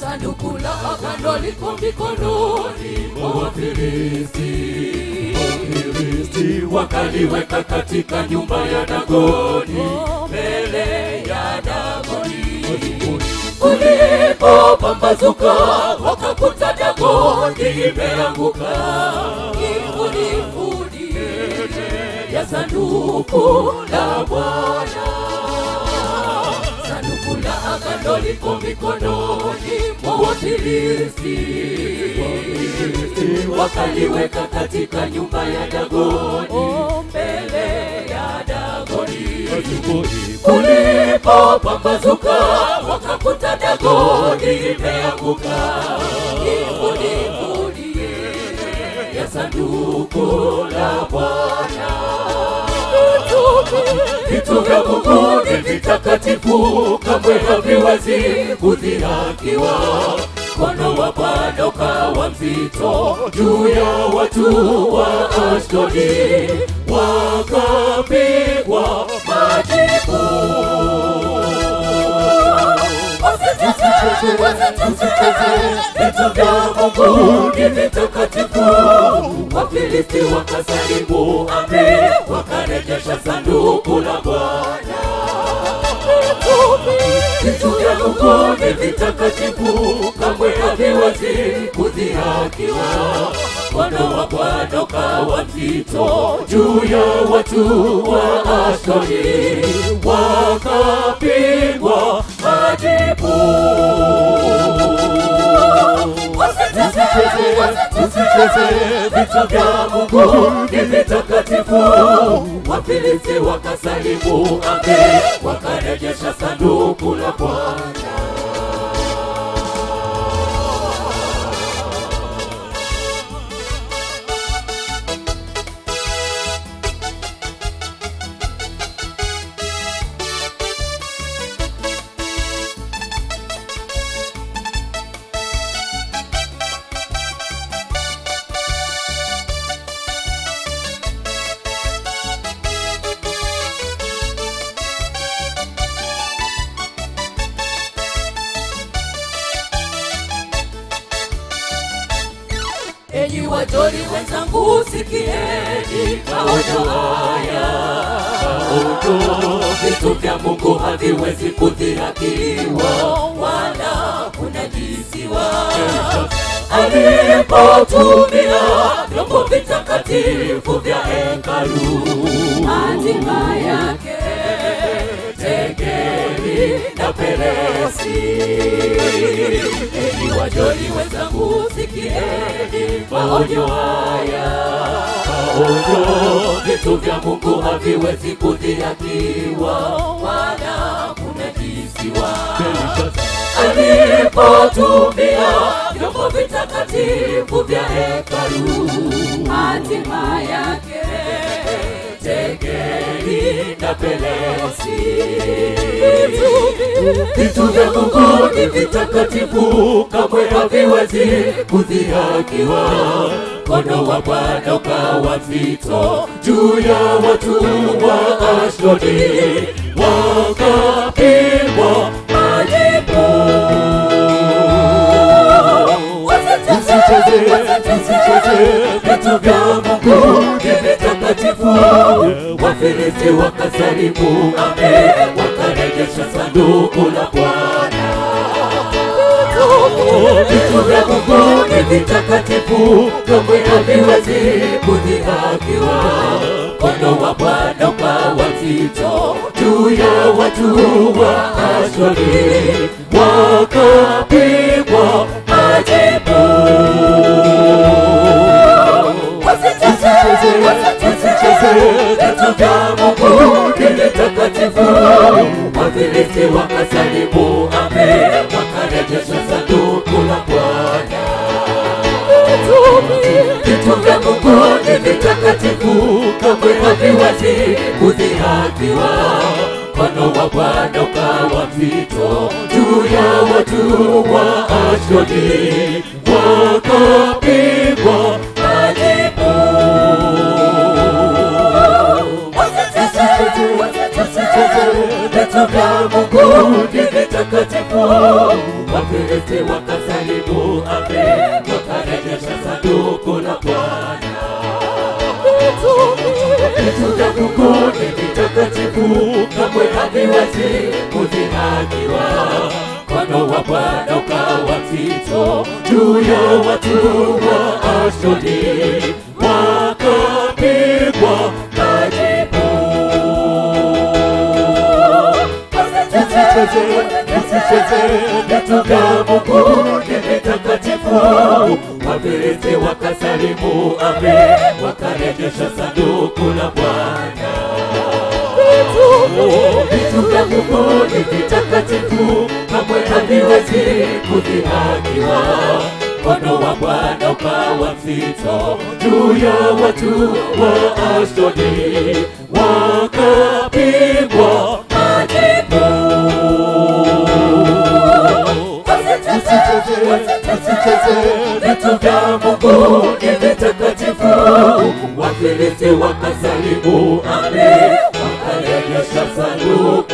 sanduku la agano liko mikononi mwa Wafilisti. Wafilisti wakaliweka katika nyumba ya Dagoni, mbele ya Dagoni. kulipo pambazuka wakakuta Dagoni imeanguka kifudifudi ya sanduku la Bwana katoliko mikononi mwa Wafilisti, wakaliweka katika nyumba ya Dagoni, mbele ya Dagoni kulipopambazuka, wakakuta Dagoni imeanguka kifudifudi ya sanduku la Bwana vitu vya Mungu ni vitakatifu, kamwe hav hawezi kudhihakiwa kono wa Bwana ukawa mzito juu ya watu wa Ashdodi, wakapigwa majibu vitu vya Mungu ni vitakatifu. Wafilisti wakasalimu ame wakarejesha sanduku la Bwana vitu vya Mungu ni vitakatifu, kamwe haviwezi kudhihakiwa. Bwana wa Bwana ukawa mzito juu ya watu wa Ashdodi, wakapigwa majipu usicheze vita vya Mungu ni vitakatifu. Wafilisti wakasalimu amri, wakarejesha sanduku la Bwana. Enyi wajoli wenzangu, sikieni maonyo haya. vitu vya Mungu haviwezi kudhirakiliwa wala kunajisiwa. Alipotumia vyombo vitakatifu vya hekalu, hatima yake Sekeli na Peresi. Enyi wajoli wenzangu, sikieni maonyo haya maonyo. Vitu vya Mungu haviwezi kudhihakiwa wala kunajisiwa. Alipotumia vyombo vitakatifu vya hekalu, hatima yake Tekeli na peresi vitu vya kuu ni vitakatifu, kamwe haviwezi kudhihakiwa. Mkono wa Bwana ukawa mzito juu ya watu wa Ashdodi, wakapigwa majipu. Usicheze, usicheze vitu vya Mungu ni vitakatifu. Wafilisti wakasalimu amri, wakarejesha Sanduku la Bwana, vitu vya Mungu ni vitakatifu, kamwe haviwezi kudhihakiwa. Mkono wa Bwana ukawa mzito juu ya watu wa Ashuri, wakapigwa majipu. Wasicheze, wasicheze vitu vya Mungu mtakatifu. Wafilisti wakasalimu amri, wakarejesha sanduku la Bwana. Vitu vya Mungu ni vitakatifu, kamwe haviwezi kudhihakiwa. Mkono wa Bwana ukawa mzito juu ya watu wa Ashdodi, wakapigwa Tunamtaka Mungu ndiye mtakatifu, wapelete wakasalimu amri, wakarejesha sanduku la Bwana. Tunamtaka Mungu ndiye mtakatifu, kamwe haliwezi kudhihamiwa. Mkono wa Bwana ukawa mzito juu ya watu wa Ashdodi Mungu ni mtakatifu, wafilisti wakasalimu amri, wakarejesha sanduku la Bwana. Vitu ni vitakatifu, kamwe haviwezi kudhihakiwa. Mkono wa Bwana ukawa mzito juu ya watu wa Ashdodi, wakapigwa usicheze, usicheze vitu vya Mungu ni vitakatifu. Wafilisti wakasalimu amri, wakarejesha sanduku